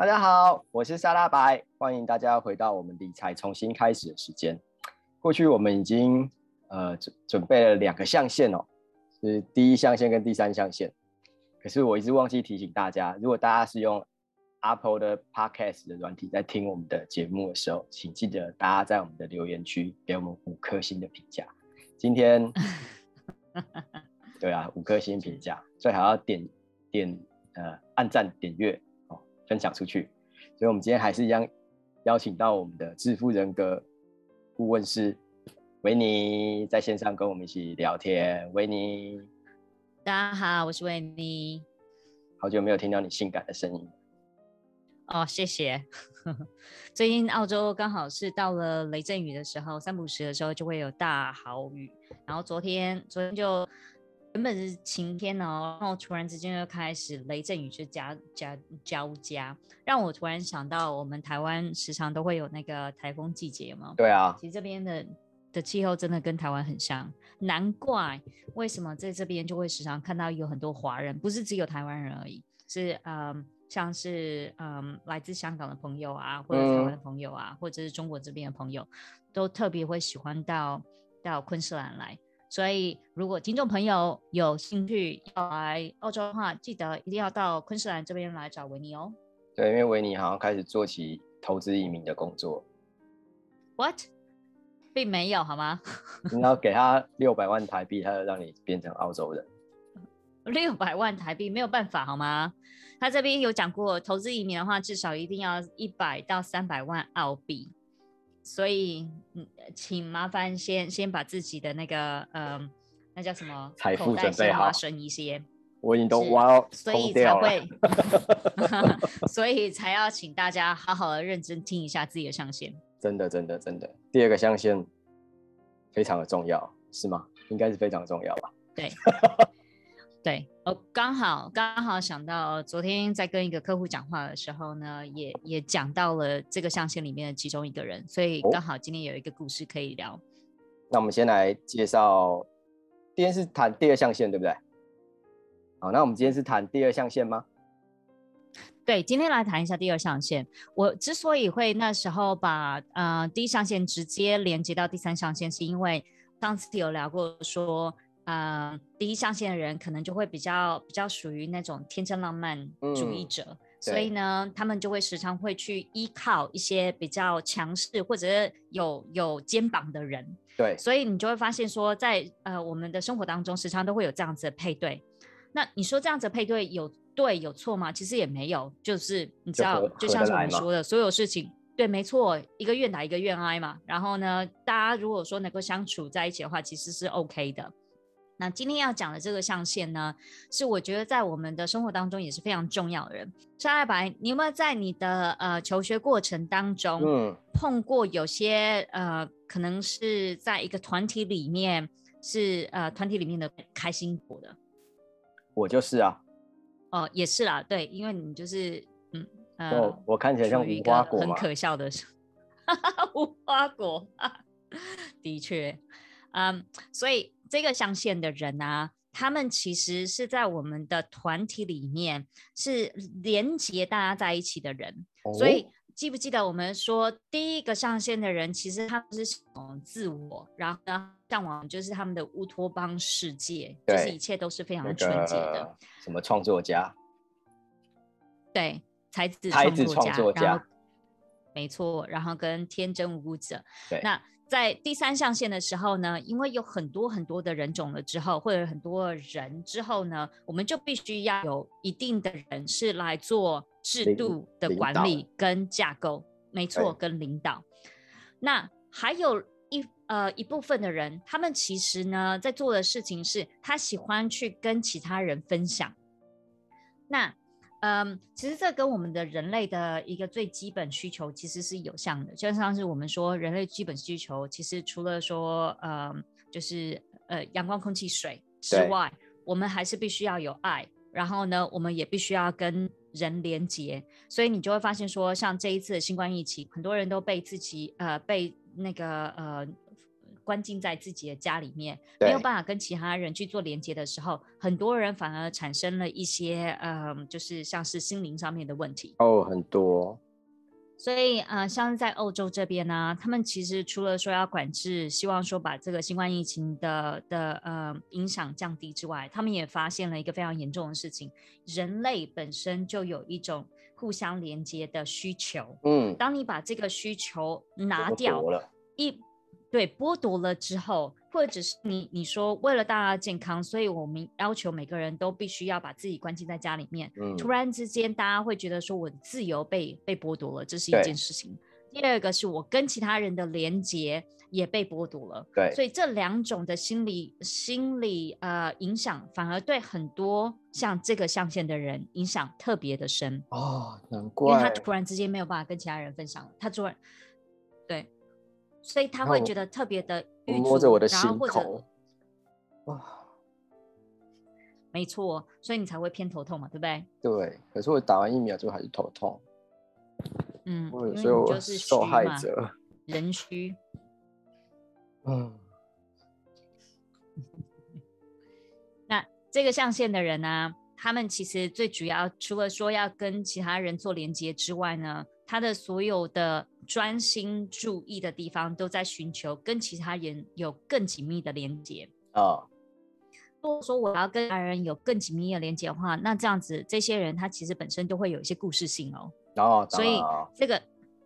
大家好，我是沙大白，歡迎大家回到我們理財從心開始的時間。過去我們已經呃准準備了兩個象限哦，是第一象限跟第三象限。可是我一直忘記提醒大家，如果大家是用 Apple 的 Podcast 的軟體在聽我們的節目的時候，請記得大家在我們的留言區給我們五顆星的評價。今天， 對啊，五顆星評價，最好要點點呃按讚點閱。分享出去，所以我們今天還是一樣邀請到我們的致富人格顧問師維妮，在線上跟我們一起聊天。維妮，大家好，我是維妮，好久沒有聽到你性感的聲音哦，謝謝。最近澳洲剛好是到了雷陣雨的時候，三不五時的時候就會有大豪雨，然後昨天昨天就。原本是晴天哦，然後突然之間又開始雷陣雨，就加加交加，加，加，讓我突然想到，我們台灣時常都會有那個台風季節，嘛。對啊。其實這邊的的氣候真的跟台灣很像，難怪為什麼在這邊就會時常看到有很多華人，不是只有台灣人而已，是嗯、呃，像是嗯、呃，來自香港的朋友啊，或者台灣的朋友啊，嗯、或者是中國這邊的朋友，都特別會喜歡到到昆士蘭來。所以，如果聽眾朋友有興趣要來澳洲的話，記得一定要到昆士蘭這邊來找維尼哦。對，因為維尼好像開始做起投資移民的工作。What，並沒有好嗎？你 要給他六百萬台幣，他就讓你變成澳洲人。六百萬台幣沒有辦法好嗎？他這邊有講過，投資移民的話，至少一定要一百到三百萬澳幣。所以，請麻煩先先把自己的那個，嗯、呃，那叫什麼？財富準備好，省一些。我已經都挖了，所以才會。 所以才要請大家好好的認真聽一下自己的象限。真的，真的，真的，第二個象限非常的重要，是嗎？應該是非常重要吧。對。 對、哦、剛好剛好想到昨天在跟一個客戶講話的時候呢，也也講到了這個象限裡面的其中一個人，所以剛好今天有一個故事可以聊、哦。那我們先來介紹，今天是談第二象限，對不對？好，那我們今天是談第二象限嗎？對，今天來談一下第二象限。我之所以會那時候把啊、呃、第一象限直接連接到第三象限，是因為上次有聊過說。嗯、呃，第一象限的人可能就會比較比較屬於那種天真浪漫主義者，嗯、所以呢，他們就會時常會去依靠一些比較強勢或者是有有肩膀的人。對，所以你就會發現說，在呃我們的生活當中，時常都會有這樣子的配對。那你說這樣子的配對有對有錯嗎？其實也沒有，就是你知道，就，合就像是我們說的所有事情，對，沒錯，一個願打一個願挨嘛。然後呢，大家如果說能夠相處在一起的話，其實是 OK 的。那今天要講的這個象限呢，是我覺得在我們的生活當中也是非常重要的人。沙大白，你有沒有在你的呃求學過程當中、嗯、碰過有些呃，可能是在一個團體裡面是呃團體裡面的開心果的？我就是啊。哦，也是啦，對，因為你就是嗯呃我，我看起來像無花果。很可笑的是，花果。哈哈，無花果，的確。嗯，um, 所以這個象限的人呢，啊，他們其實是在我們的團體裡面是連接大家在一起的人。哦，所以記不記得我們說第一個象限的人，其實他們是嚮往自我，然後呢嚮往就是他們的烏托邦世界，對就是一切都是非常純潔的。什麼創作家？對，才子創作家。沒錯，然後跟天真無辜者。對。那在第三象限的時候呢，因為有很多很多的人種了之後，或者很多人之後呢，我們就必須要有一定的人是來做制度的管理跟架構，領導，沒錯，跟領導。欸、那還有一呃一部分的人，他們其實呢在做的事情是，他喜歡去跟其他人分享。那嗯，um, 其實這跟我們的人類的一個最基本需求其實是有像的。就像上次我們說，人類基本需求其實除了說，呃，就是呃，陽光、空氣、水之外，對我們還是必須要有愛。然後呢，我們也必須要跟人連接。所以你就會發現說，像這一次的新冠疫情，很多人都被自己呃被那個呃。關進在自己的家裡面，對沒有辦法跟其他人去做連接的時候，很多人反而產生了一些，嗯、呃，就是像是心靈上面的問題哦，oh, 很多。所以，啊、呃，像在歐洲這邊呢，他們其實除了說要管制，希望說把這個新冠疫情的的呃影響降低之外，他們也發現了一個非常嚴重的事情：人類本身就有一種互相連接的需求。嗯，當你把這個需求拿掉，了一。對，剝奪了之後，或者是你你說為了大家健康，所以我們要求每個人都必須要把自己關進在家裡面。嗯，突然之間，大家會覺得說我的自由被被剝奪了，這是一件事情。對第二個是我跟其他人的連結也被剝奪了。對，所以這兩種的心理心理呃影響，反而對很多像這個象限的人影響特別的深。哦，難怪。因為他突然之間沒有辦法跟其他人分享了。他昨晚對。所以他會覺得特別的鬱卒，摸著我的心口，然後或者，哇，沒錯，所以你才會偏頭痛嘛，對不對？對，可是我打完疫苗之後還是頭痛。嗯，所以我就是受害者虛人虛。嗯哇。 那這個象限的人呢、啊，他們其實最主要，除了說要跟其他人做連接之外呢，他的所有的。專心注意的地方都在尋求跟其他人有更緊密的連接哦。如果說我要跟他人有更緊密的連接的話，那這樣子這些人他其實本身都會有一些故事性哦。哦，哦，所以這個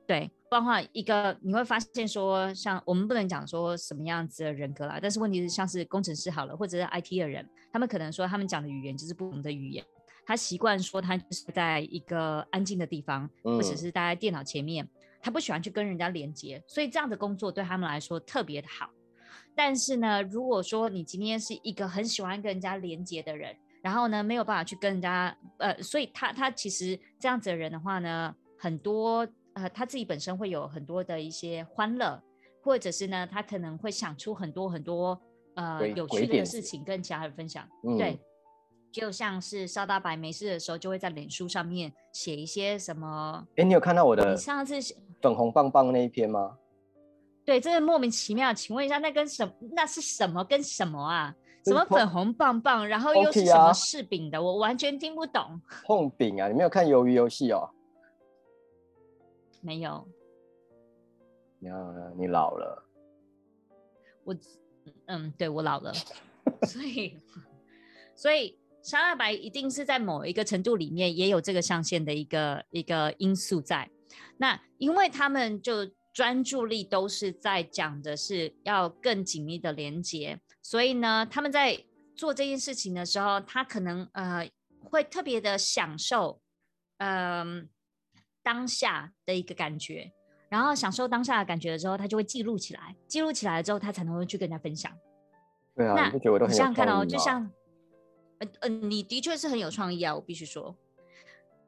對，包括，一個你會發現說，像我們不能講說什麼樣子的人格啦，但是問題是，像是工程師好了，或者是 IT 的人，他們可能說他們講的語言就是不同的語言，他習慣說他就是在一個安靜的地方，或者是待在電腦前面。嗯他不喜歡去跟人家連接，所以這樣的工作對他們來說特別的好。但是呢，如果說你今天是一個很喜歡跟人家連接的人，然後呢沒有辦法去跟人家，呃，所以他他其實這樣子的人的話呢，很多呃他自己本身會有很多的一些歡樂，或者是呢他可能會想出很多很多呃對有趣的事情跟其他人分享，對。嗯就像是沙大白沒事的時候，就會在臉書上面寫一些什麼。哎、欸，你有看到我的上次粉紅棒棒那一篇嗎？對，真的莫名其妙。請問一下，那跟什麼那是什麼跟什麼啊？什麼粉紅棒棒，然後又是什麼柿餅的？Okay 啊、我完全聽不懂。碰餅啊！你沒有看《魷魚遊戲》哦？沒有。呀、啊，你老了。我嗯，對我老了，所以 所以。所以沙大白一定是在某一個程度裡面也有這個上線的一個一個因素在，那因為他們就專注力都是在講的是要更緊密的連接，所以呢，他們在做這件事情的時候，他可能呃會特別的享受嗯、呃、當下的一個感覺，然後享受當下的感覺的時候，他就會記錄起來，記錄起來了之後，他才能會去跟人家分享。對啊，那想想看哦，就像。你的確是很有創意啊，我必須說。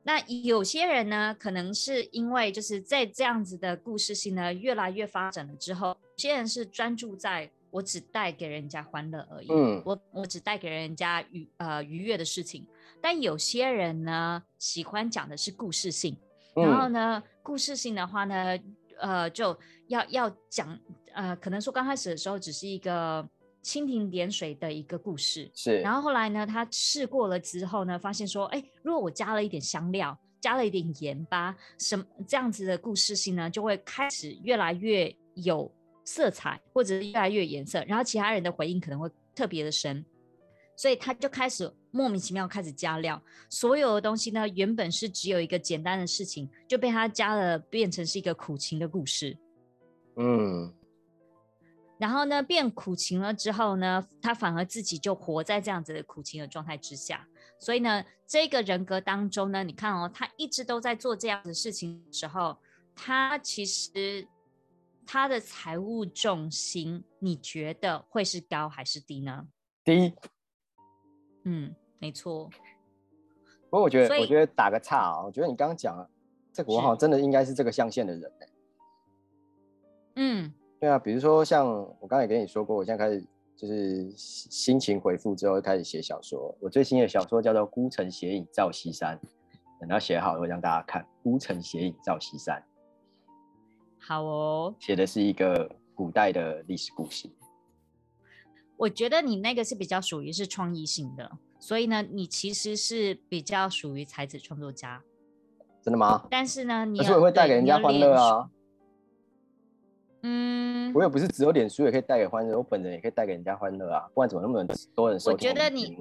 那有些人呢，可能是因為就是在這樣子的故事性呢越來越發展了之後，有些人是專注在我只帶給人家歡樂而已，嗯我，我我只帶給人家愉呃愉悅的事情。但有些人呢，喜歡講的是故事性，然後呢，嗯、故事性的話呢，呃，就要要講呃，可能說剛開始的時候只是一個。蜻蜓點水的一個故事，是。然後後來呢，他試過了之後呢，發現說，哎，如果我加了一點香料，加了一點鹽巴，什麼這樣子的故事性呢，就會開始越來越有色彩，或者是越來越顏色。然後其他人的回應可能會特別的深，所以他就開始莫名其妙開始加料，所有的東西呢，原本是只有一個簡單的事情，就被他加了變成是一個苦情的故事。嗯。然後呢，變苦情了之後呢，他反而自己就活在這樣子的苦情的狀態之下。所以呢，這個人格當中呢，你看哦，他一直都在做這樣子事情的時候，他其實他的財務重心，你覺得會是高還是低呢？低。嗯，沒錯。不過我覺得，所以，我覺得打個岔啊，哦，我覺得你剛剛講了這個，我好像真的應該是這個象限的人。嗯。對啊，比如說像我剛才跟你說過，我現在開始就是心情回復之後開始寫小說。我最新的小說叫做《孤城斜影照西山》，等到寫好了我讓大家看《孤城斜影照西山》。好哦，寫的是一個古代的歷史故事。我覺得你那個是比較屬於是創意性的，所以呢，你其實是比較屬於才子創作家。真的嗎？但是呢，你可是我會帶給人家歡樂啊。嗯，我也不是只有臉書也可以帶給歡樂，我本人也可以帶給人家歡樂啊。不然怎麼那麼多人，我覺得你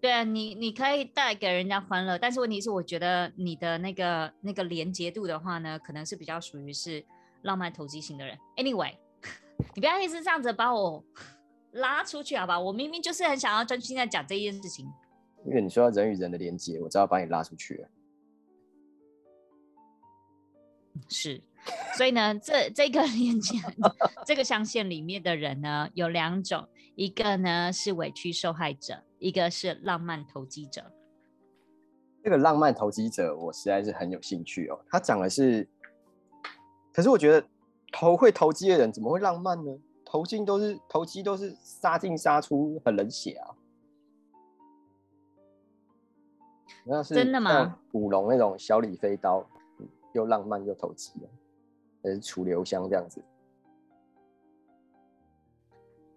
對啊，你你可以帶給人家歡樂，但是問題是，我覺得你的那個那個連接度的話呢，可能是比較屬於是浪漫投機型的人。Anyway，你不要一直這樣子把我拉出去，好吧？我明明就是很想要專心在講這件事情。因為你說到人與人的連接，我只要把你拉出去。是。 所以呢，這這個鏈接，這個象限、這個、裡面的人呢，有兩種，一個呢是委屈受害者，一個是浪漫投機者。這個浪漫投機者，我實在是很有興趣哦。他講的是，可是我覺得投會投機的人怎麼會浪漫呢？投機都是投機都是殺進殺出，很冷血啊。真的嗎？古龍那種小李飛刀，又浪漫又投機。呃，楚留香這樣子，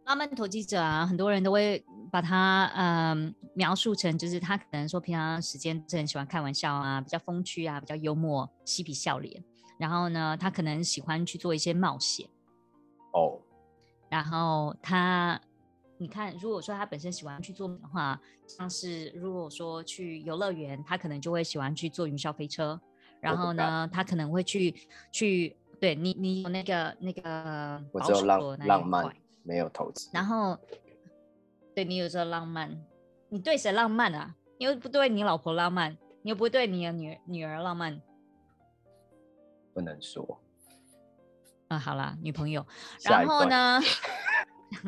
浪漫投機者啊，很多人都會把他嗯、呃、描述成，就是他可能說平常時間是很喜歡開玩笑啊，比較風趣啊，比較幽默，嬉皮笑臉。然後呢，他可能喜歡去做一些冒險。哦。Oh. 然後他，你看，如果說他本身喜歡去做的話，像是如果說去遊樂園，他可能就會喜歡去坐雲霄飛車。然後呢，Oh. 他可能會去去。對你，你有那個那個那，我只有浪浪漫，沒有投資。然後，對你有說浪漫，你對誰浪漫啊？你又不對你老婆浪漫，你又不會對你的女兒女兒浪漫，不能說。啊、嗯，好啦，女朋友。然後呢？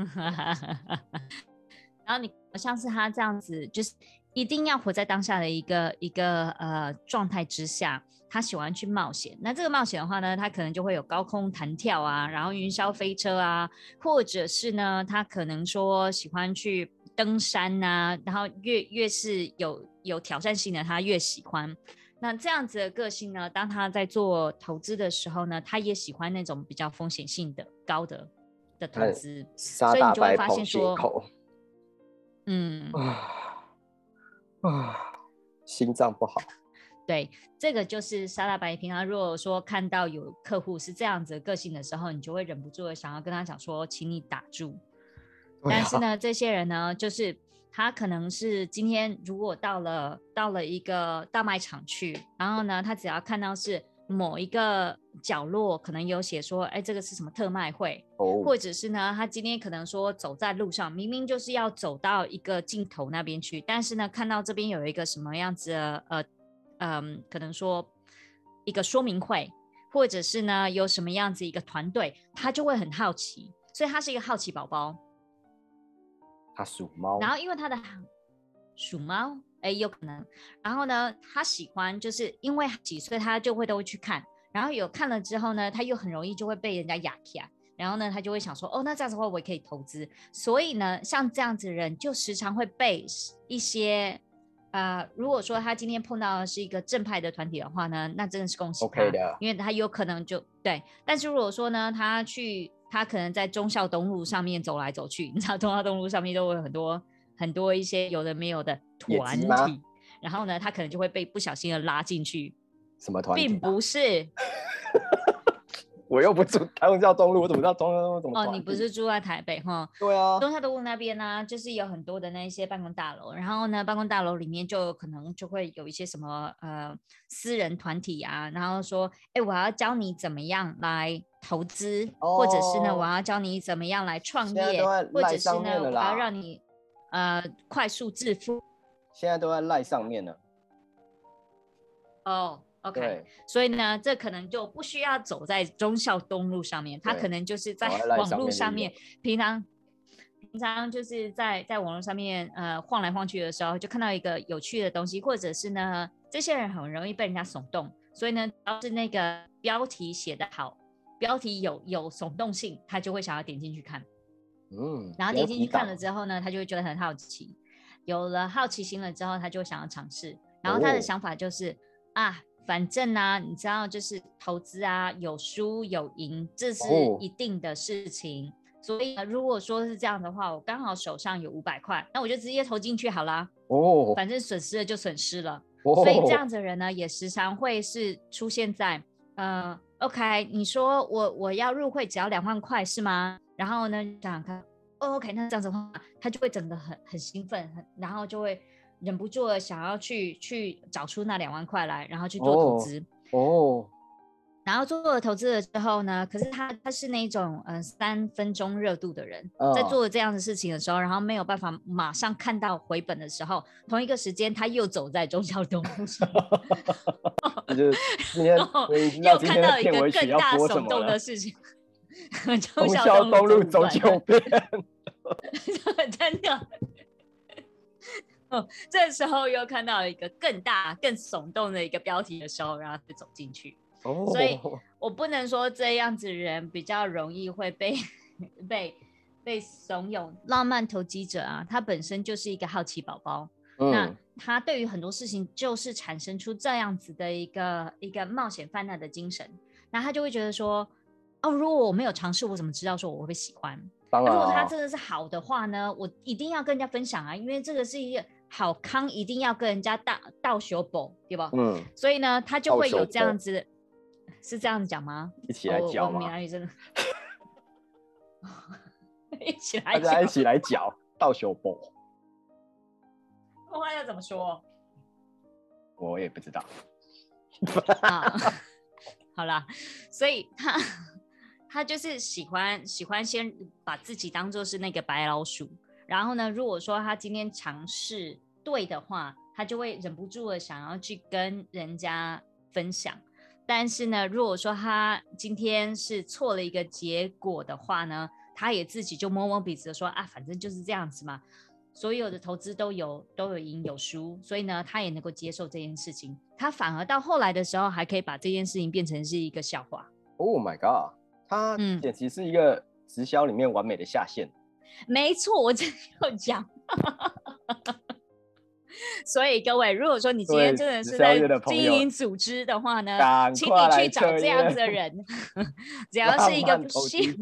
然後你像是他這樣子，就是一定要活在當下的一個一個呃狀態之下。他喜歡去冒險，那這個冒險的話呢，他可能就會有高空彈跳啊，然後雲霄飛車啊，或者是呢，他可能說喜歡去登山吶、啊，然後越越是有有挑戰性的，他越喜歡。那這樣子的個性呢，當他在做投資的時候呢，他也喜歡那種比較風險性的高的的投資，嗯、所以你就會發現說，嗯，啊，啊，心臟不好。對，這個就是沙大白。平常如果說看到有客戶是這樣子的個性的時候，你就會忍不住的想要跟他講說：“請你打住。啊”但是呢，這些人呢，就是他可能是今天如果到了到了一個大賣場去，然後呢，他只要看到是某一個角落，可能有寫說：“哎，這個是什麼特賣會？” oh. 或者是呢，他今天可能說走在路上，明明就是要走到一個盡頭那邊去，但是呢，看到這邊有一個什麼樣子的呃。嗯，可能說一個說明會，或者是呢，有什麼樣子一個團隊，他就會很好奇，所以他是一個好奇寶寶。他屬貓。然後因為他的屬貓，哎、欸，有可能。然後呢，他喜歡就是因為幾歲他就會都會去看，然後有看了之後呢，他又很容易就會被人家壓起來，然後呢，他就會想說，哦，那這樣子的話我也可以投資。所以呢，像這樣子的人就時常會被一些。啊、呃，如果說他今天碰到的是一個正派的團體的話呢，那真的是恭喜、okay 的，因為他有可能就對。但是如果說呢，他去他可能在忠孝東路上面走來走去，你知道忠孝東路上面都會很多很多一些有的沒有的團體，然後呢，他可能就會被不小心的拉進去。什麼團體？並不是。 我又不住台灣叫中路，我怎麼知道中路？怎麼走？哦，你不是住在台北哈？對啊，中山東路那邊呢、啊，就是有很多的那一些辦公大樓，然後呢，辦公大樓裡面就可能就會有一些什麼呃私人團體啊，然後說，哎、欸，我要教你怎麼樣來投資，哦、或者是呢，我要教你怎麼樣來創業，在在或者是呢，賴上我要讓你呃快速致富，現在都在賴上面呢。哦。OK，對所以呢，這可能就不需要走在忠孝東路上面，他對可能就是在網絡上面，對平常平常就是在在網絡上面呃晃來晃去的時候，就看到一個有趣的東西，或者是呢，這些人很容易被人家聳動，所以呢，只要是那個標題寫得好，標題有有聳動性，他就會想要點進去看，嗯，然後點進去看了之後呢，打他就會覺得很好奇，有了好奇心了之後，他就會想要嘗試，然後他的想法就是、哦、啊。反正呢、啊，你知道，就是投資啊，有輸有贏，這是一定的事情。Oh. 所以，如果說是這樣的話，我剛好手上有五百塊，那我就直接投進去好了。哦，oh. 反正損失了就損失了。Oh. 所以這樣子的人呢，也時常會是出現在，oh. 呃，OK，你說我我要入會只要兩萬塊是嗎？然後呢，想想看、哦、，OK，那這樣子的話，他就會整得很很興奮，很然後就會。忍不住想要去去找出那兩萬塊來，然後去做投資。哦，oh, oh. 然後做了投資了之後呢，可是他他是那種嗯三、呃、分鐘熱度的人，oh. 在做這樣的事情的時候，然後沒有辦法馬上看到回本的時候，同一個時間他又走在忠孝東路上 哈、哦 哦、又看到一個更大聳動的事情， 忠孝東路走九遍，真的。 這時候又看到一個更大、更聳動的一個標題的時候，然後就走進去。Oh. 所以，我不能說這樣子人比較容易會被被被慫恿。浪漫投機者啊，他本身就是一個好奇寶寶。嗯，那他對於很多事情就是產生出這樣子的一個一個冒險犯難的精神。那他就會覺得說，哦，如果我沒有嘗試，我怎麼知道說我會不會喜歡？然如果他真的是好的話呢，我一定要跟人家分享啊，因為這個是一個。好康一定要跟人家倒倒修補，對吧？嗯。所以呢，他就會有這樣子，是這樣講嗎？一起來講嗎？哦、我們女生一起來講，倒修補。普通話要怎麼說？我也不知道。 啊、好了，所以他他就是喜歡喜歡先把自己當做是那個白老鼠。然後呢，如果說他今天嘗試對的話，他就會忍不住的想要去跟人家分享。但是呢，如果說他今天是錯了一個結果的話呢，他也自己就摸摸鼻子說啊，反正就是這樣子嘛。所有的投資都有都有贏有輸，所以呢，他也能夠接受這件事情。他反而到後來的時候，還可以把這件事情變成是一個笑話。Oh my God，他簡直是一個直銷裡面完美的下線。嗯沒錯，我真要講。 所以各位，如果說你今天真的是在經營組織的話呢，請你去找這樣子的人，只要是一個皮，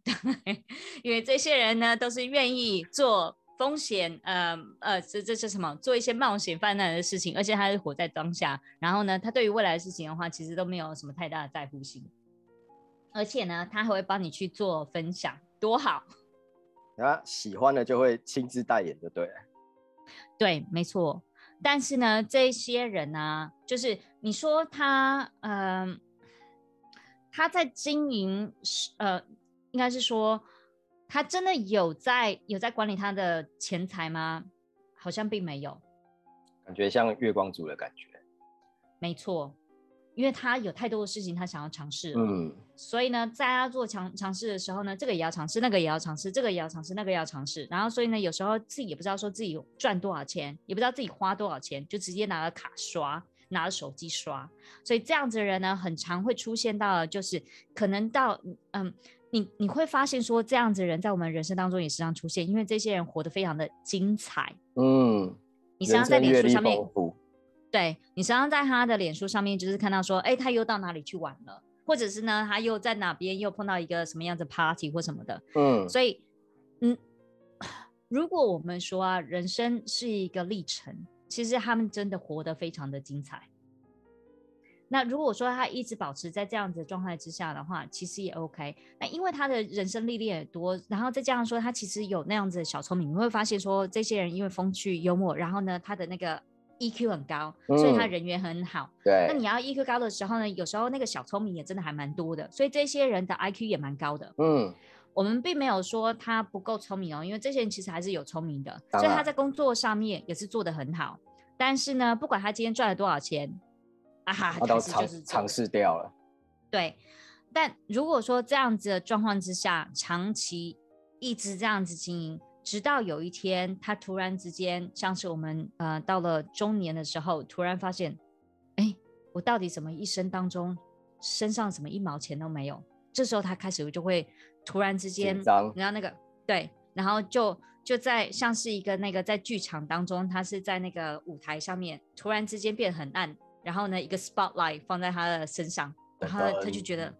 因為這些人呢都是願意做風險，呃、呃，這這是什麼？做一些冒險犯難的事情，而且他是活在當下。然後呢，他對於未來的事情的話，其實都沒有什麼太大的在乎心，而且呢，他還會幫你去做分享，多好。他喜歡的就會親自代言，就對了。對，沒錯。但是呢，這些人呢、啊，就是你說他，嗯、呃，他在經營，是呃，應該是說他真的有在有在管理他的錢財嗎？好像並沒有，感覺像月光族的感覺。沒錯。因為他有太多的事情，他想要嘗試，嗯，所以呢，在他做嘗嘗試的時候呢，這個也要嘗試，那個也要嘗試，這個也要嘗試，那個也要嘗試，然後所以呢，有時候自己也不知道說自己賺多少錢，也不知道自己花多少錢，就直接拿了卡刷，拿了手機刷，所以這樣子的人呢，很常會出現到，就是可能到，嗯，你你會發現說，這樣子的人在我們人生當中也時常，常出現，因為這些人活得非常的精彩，嗯，你想常在歷史上面。對，你常常在他的臉書上面，就是看到說，哎，他又到哪裡去玩了，或者是呢，他又在哪邊又碰到一個什麼樣子 party 或什麼的。嗯，所以，嗯，如果我們說啊，人生是一個歷程，其實他們真的活得非常的精彩。那如果說他一直保持在這樣子的狀態之下的話，其實也 OK。那因為他的人生歷練也多，然後再加上說他其實有那樣子的小聰明，你會發現說這些人因為風趣幽默，然後呢，他的那個。EQ 很高，嗯，所以他人緣很好。對，那你要 EQ 高的時候呢，有時候那個小聰明也真的還蠻多的，所以這些人的 IQ 也蠻高的。嗯，我們並沒有說他不夠聰明哦，因為這些人其實還是有聰明的，當然，所以他在工作上面也是做得很好。但是呢，不管他今天賺了多少錢，他啊哈，都是就是嘗試掉了。對，但如果說這樣子的狀況之下，長期一直這樣子經營。直到有一天，他突然之間，像是我們呃到了中年的時候，突然發現，哎、欸，我到底怎麼一生當中身上怎麼一毛錢都沒有？這時候他開始就會突然之間，緊張。然後那個對，然後就就在像是一個那個在劇場當中，他是在那個舞台上面，突然之間變得很暗，然後呢一個 spotlight 放在他的身上，然後他就覺得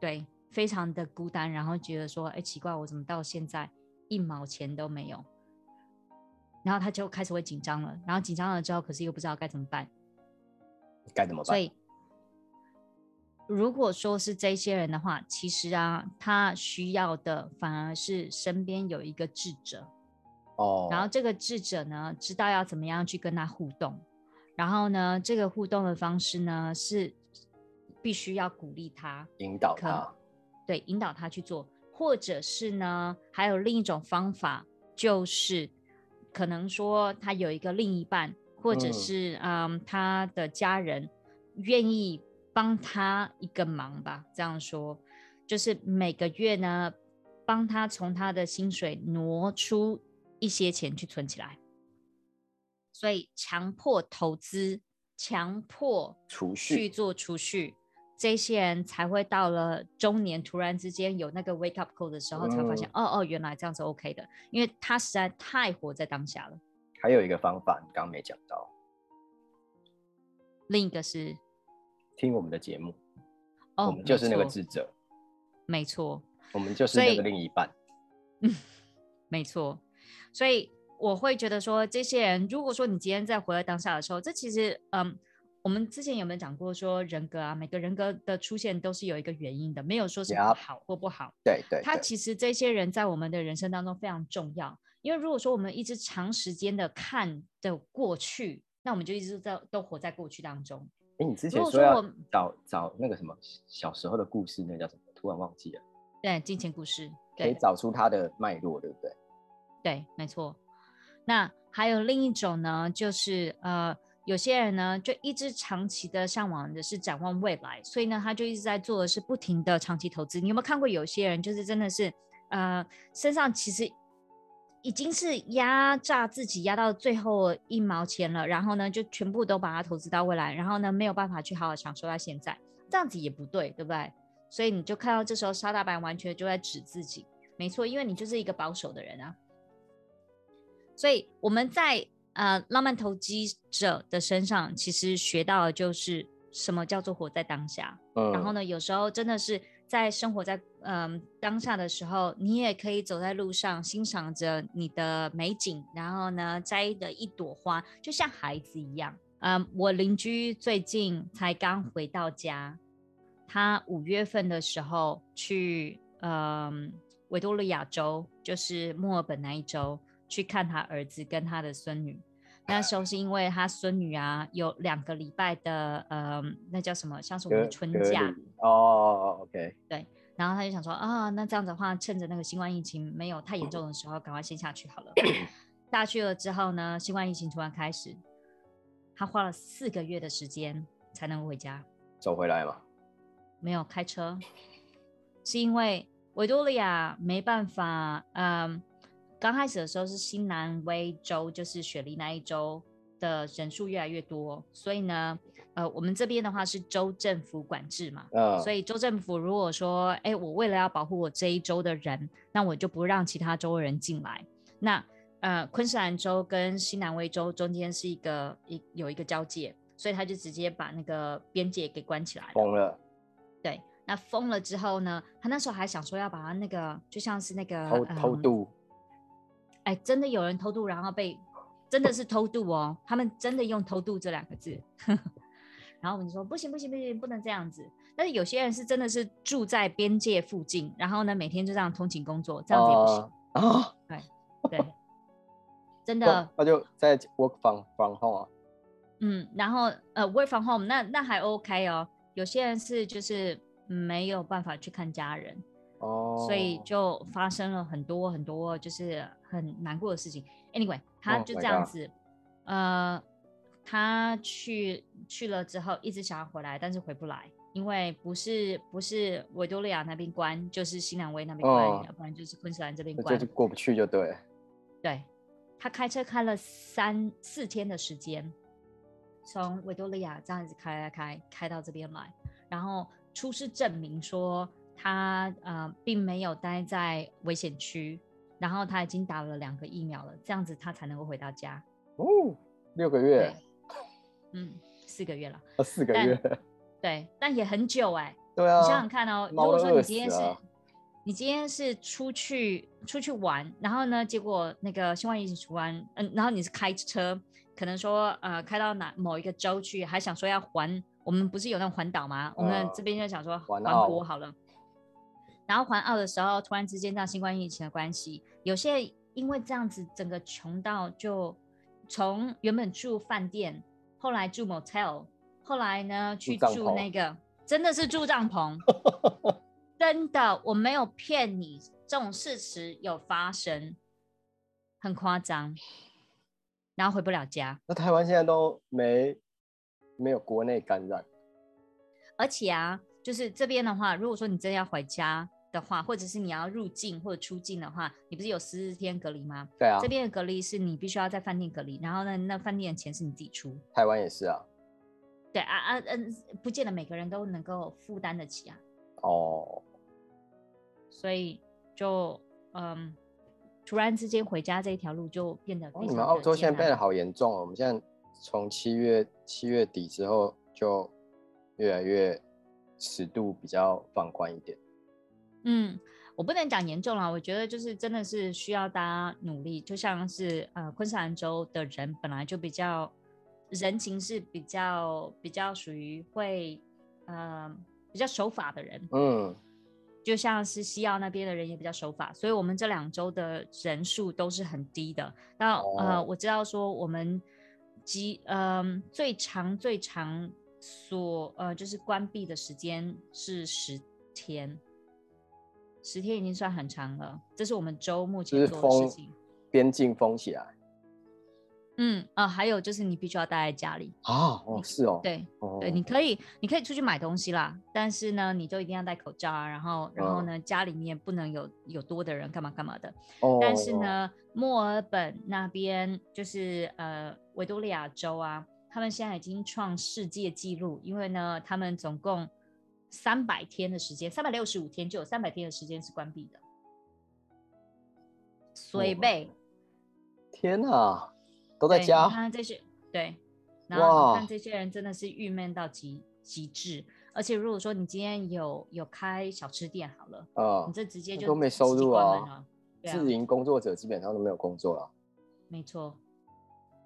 對，非常的孤單，然後覺得說，哎、欸，奇怪，我怎麼到現在？一毛錢都沒有，然後他就開始會緊張了，然後緊張了之後，可是又不知道該怎麼辦，該怎麼辦？所以，如果說是這些人的話，其實啊，他需要的反而是身邊有一個智者，Oh，然後這個智者呢，知道要怎麼樣去跟他互動，然後呢，這個互動的方式呢，是必須要鼓勵他，引導他，對，引導他去做。或者是呢，還有另一種方法，就是可能說他有一個另一半，或者是嗯、嗯他的家人願意幫他一個忙吧。這樣說，就是每個月呢，幫他從他的薪水挪出一些錢去存起來，所以強迫投資，強迫儲蓄，去做儲蓄。儲蓄這些人才會到了中年，突然之間有那個 wake up call 的時候，才發現哦哦、哦，原來這樣子 OK 的，因為他實在太活在當下了。還有一個方法，你剛剛沒講到，另一個是聽我們的節目，哦、我們就是那個智者。沒錯，沒錯，我們就是那個另一半，嗯，沒錯，所以我會覺得說，這些人如果說你今天在活在當下的時候，這其實嗯。我們之前有沒有講過說人格啊？每個人格的出現都是有一個原因的，沒有說是好或不好。對、yeah. 對，對對他其實這些人在我們的人生當中非常重要，因為如果說我們一直長時間的看的過去，那我們就一直在都活在過去當中。哎，你之前說要找我找那個什麼小時候的故事，那叫什麼？突然忘記了。對，金錢故事可以找出它的脈絡，對不對？對，沒錯。那還有另一種呢，就是呃。有些人呢，就一直長期的嚮往的是展望未來，所以呢，他就一直在做的是不停的長期投資。你有沒有看過有些人就是真的是，呃，身上其實已經是壓榨自己壓到最後一毛錢了，然後呢，就全部都把它投資到未來，然後呢，沒有辦法去好好享受到現在，這樣子也不對，對不對？所以你就看到這時候沙大白完全就在指自己，沒錯，因為你就是一個保守的人啊。所以我們在。呃，uh, 浪漫投機者的身上其實學到的就是什麼叫做活在當下。嗯、uh，然後呢，有時候真的是在生活在嗯當下的時候，你也可以走在路上，欣賞着你的美景，然後呢，摘的一朵花，就像孩子一樣。嗯，我鄰居最近才剛回到家，他五月份的時候去嗯維多利亞州，就是墨爾本那一州，去看他兒子跟他的孫女。那時候是因為他孫女啊，有兩個禮拜的呃，那叫什麼，像是我們的春假哦，oh，OK，對，然後他就想說啊，那這樣的話，趁着那個新冠疫情沒有太嚴重的時候，趕、嗯、快先下去好了。下去了之後呢，新冠疫情突然開始，他花了四個月的時間才能回家。走回來嗎？沒有開車，是因為維多利亞沒辦法，嗯、呃。剛開始的時候是新南威州，就是雪梨那一州的人數越來越多，所以呢，呃，我們這邊的話是州政府管制嘛，嗯，所以州政府如果說，哎，我為了要保護我這一州的人，那我就不讓其他州的人進來。那呃，昆士蘭州跟新南威州中間是一個一有一個交界，所以他就直接把那個邊界給關起來封了。對，那封了之後呢，他那時候還想說要把它那個，就像是那個偷偷渡。哎，真的有人偷渡，然後被真的是偷渡哦。他們真的用“偷渡”這兩個字， 然後我們就說不行不行不行，不能這樣子。但是有些人是真的是住在邊界附近，然後呢每天就這樣通勤工作，這樣子也不行哦、啊啊，對對， 真的，那就在 work from from home 啊。嗯，然後呃、uh，work from home 那那還 OK 哦。有些人是就是沒有辦法去看家人。哦，oh. 所以就發生了很多很多，就是很難過的事情。Anyway，他就這樣子，oh my God. 呃，他去去了之後，一直想要回來，但是回不來，因為不是不是維多利亞那邊關，就是新南威那邊關，要，oh. 不然就是昆士蘭這邊關，oh. 就過不去就對。對，他開車開了三四天的時間，從維多利亞這樣子開開開到這邊來，然後出示證明說。他呃，並沒有待在危險區，然後他已經打了兩個疫苗了，這樣子他才能夠回到家。哦，六個月，嗯，四個月了。啊、哦，四個月，對，但也很久哎、欸。對啊，你想想看哦，如果說你今天是，你今天是出去出去玩，然後呢，結果那個新冠疫情出完，嗯、呃，然後你是開車，可能說呃，開到哪某一個州去，還想說要環，我們不是有那種環島嗎？我們、嗯、這邊就想說環國好了。然後環澳的時候，突然之間，這樣新冠疫情的關係，有些因為這樣子，整個窮到就從原本住飯店，後來住 motel，後來呢去住那個，真的是住帳篷， 真的，我沒有騙你，這種事實有發生，很誇張，然後回不了家。那台灣現在都沒沒有國內感染，而且啊，就是這邊的話，如果說你真的要回家。的話，或者是你要入境或者出境的話，你不是有十四天隔離嗎？對啊。這邊的隔離是你必須要在飯店隔離，然後呢，那飯店的錢是你自己出。台灣也是啊。對啊啊嗯，不見得每個人都能夠負擔得起啊。哦。所以就嗯，突然之間回家這一條路就變得非常、啊哦。你們澳洲現在變得好嚴重哦！我們現在從七月七月底之後就越來越尺度比較放寬一點。嗯，我不能講嚴重了，我覺得就是真的是需要大家努力，就像是呃，昆士蘭州的人本來就比較人情是比較比較屬於會嗯、呃、比較守法的人，嗯，就像是西澳那邊的人也比較守法，所以我們這兩週的人數都是很低的。那、哦、呃，我知道說我們幾嗯、呃、最長最長所呃就是關閉的時間是十天。十天已經算很長了，這是我們州目前做的事情。邊境封起來。嗯啊、呃，還有就是你必須要待在家裡啊、哦。哦，是哦。對，哦、對，你可以，你可以出去買東西啦，但是呢，你就一定要戴口罩啊。然後，然後呢，哦、家裡面不能有有多的人，幹嘛幹嘛的。哦。但是呢，哦、墨爾本那邊就是呃維多利亞州啊，他們現在已經創世界紀錄，因為呢，他們總共。三百天的時間，三百六十五天就有三百天的時間是關閉的，所以被天哪、啊，都在家。你看這些，對，然後哇你看這些人真的是鬱悶到極極致。而且如果說你今天有有開小吃店，好了，啊、呃，你這直接就都沒收入啊。對啊，自營工作者基本上都沒有工作了，沒錯錯。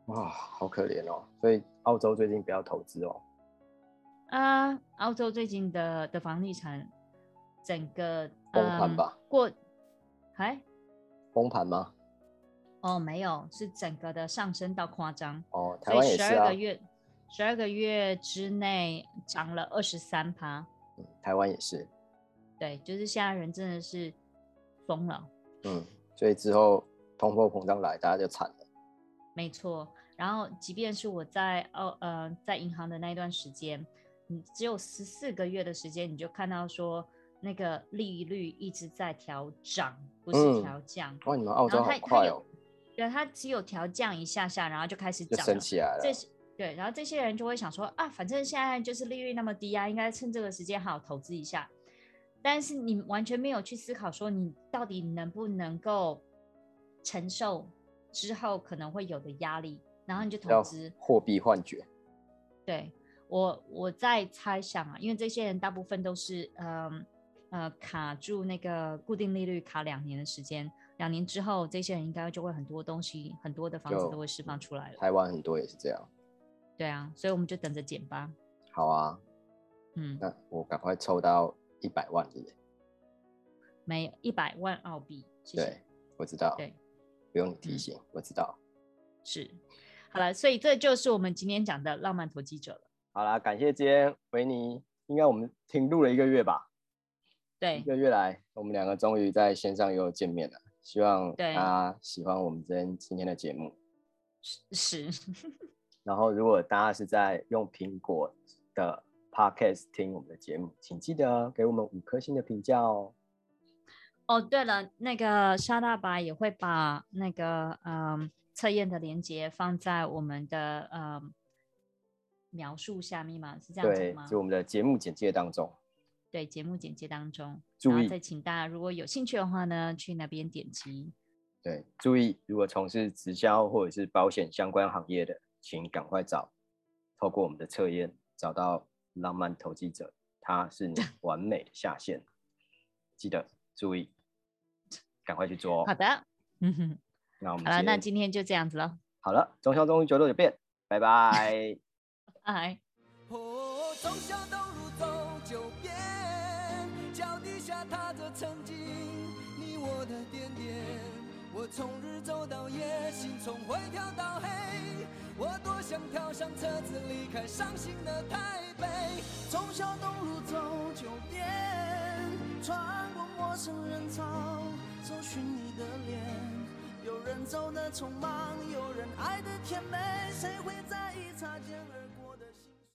哇，好可憐哦。所以澳洲最近不要投資哦。啊，澳洲最近的的房地產整個崩盤吧？嗯、過還崩盤嗎？哦，沒有，是整個的上升到誇張。哦，台灣也是啊。所以十二個月，十二個月之內漲了二十三趴。嗯，台灣也是。對，就是現在人真的是瘋了。嗯，所以之後通貨膨脹來，大家就慘了。沒錯。然後，即便是我在澳呃在銀行的那一段時間。你只有十四個月的時間，你就看到說那個利率一直在調漲，不是調降。嗯。哇，你們澳洲好快哦！然後它，它有，對，它只有調降一下下，然後就開始漲起來了。這些對，然後這些人就會想說啊，反正現在就是利率那麼低啊，應該趁這個時間好好投資一下。但是你完全沒有去思考說，你到底能不能夠承受之後可能會有的壓力，然後你就投資貨幣幻覺。對。我我在猜想啊，因為這些人大部分都是呃呃卡住那個固定利率卡兩年的時間，兩年之後，這些人應該就會很多東西，很多的房子都會釋放出來了。台灣很多也是這樣。對啊，所以我們就等着減吧。好啊，嗯，那我趕快抽到一百萬的耶。沒有一百萬澳幣。謝謝，對，我知道。對，不用你提醒，嗯、我知道。是，好了，所以這就是我們今天講的浪漫投機者了。好啦，感謝今天維尼，應該我們停錄了一個月吧？對，一個月來，我們兩個終於在線上又見面了。希望大家喜歡我們今天今天的節目。是。是 然後，如果大家是在用蘋果的 Podcast 聽我們的節目，請記得給我們五顆星的評價哦。哦，oh, 對了，那個沙大白也會把那個嗯、呃、測驗的鏈接放在我們的嗯。呃描述下密碼是這樣子嗎？對，就我們的節目簡介當中，對，節目簡介當中，注意再請大家如果有興趣的話呢，去那邊點擊。對，注意如果從事直銷或者是保險相關行業的，請趕快找，透過我們的測驗找到浪漫投機者，他是你完美的下線。 記得注意，趕快去做哦。好的，嗯哼，那我們好了，那今天就這樣子嘍。好了，中秋中心九六九變，拜拜。 愛。哦，Hi. oh, 忠孝東路走九遍，腳底下踏着曾經你我的點點。我從日走到夜，心從灰跳到黑。我多想跳上車子離開傷心的台北。忠孝東路走九遍，穿過陌生人潮，搜尋你的臉。有人走的匆忙，有人愛的甜美，誰會在意擦肩而。